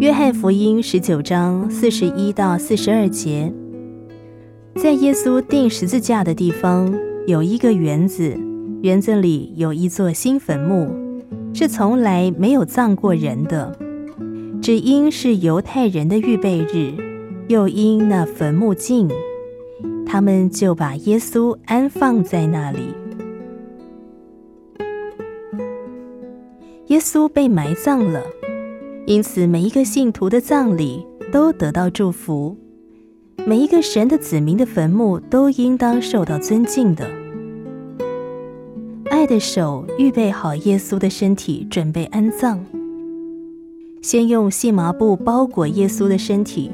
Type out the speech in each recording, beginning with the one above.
約翰福音十九章四十一到四十二節，在耶穌釘十字架的地方有一個園子，園子裡有一座新墳墓，是從來沒有葬過人的。只因是猶太人的預備日，又因那墳墓近，他們就把耶穌安放在那裡。耶穌被埋葬了。因此，每一個信徒的葬禮都得到祝福，每一個神的子民的墳墓都應當受到尊敬的。愛的手預備好耶穌的身體，準備安葬。先用細麻布包裹耶穌的身體，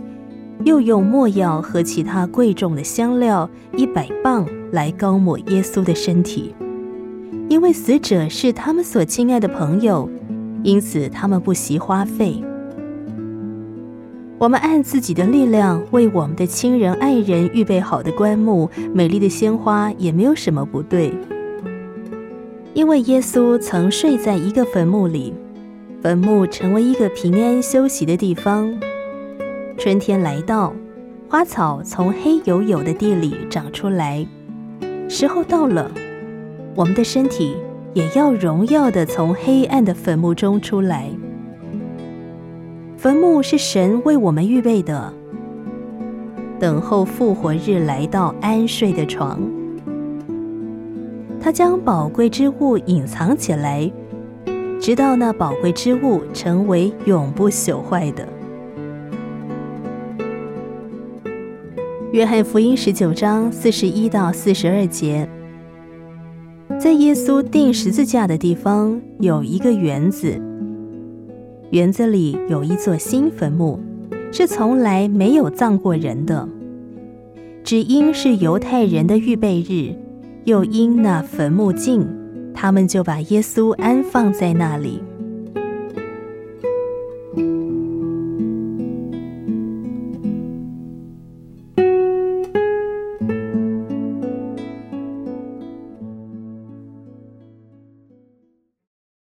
又用沒藥和其他貴重的香料一百磅來膏抹耶穌的身體，因為死者是他們所親愛的朋友。因此，他們不惜花費。我們按自己的力量為我們的親人、愛人預備好的棺木、美麗的鮮花，也沒有什麼不對。因為耶穌曾睡在一個墳墓裡，墳墓成為一個平安休息的地方。春天來到，花草從黑黝黝的地裡長出來。時候到了，我們的身體。也要榮耀的從黑暗的墳墓中出來。墳墓是神為我們預備的，等候復活日來到安睡的床。他將寶貴之物隱藏起來，直到那寶貴之物成為永不朽壞的。約翰福音十九章四十一到四十二節。在耶穌釘十字架的地方有一個園子，園子裡有一座新墳墓，是從來沒有葬過人的。只因是猶太人的預備日，又因那墳墓近，他們就把耶穌安放在那裡。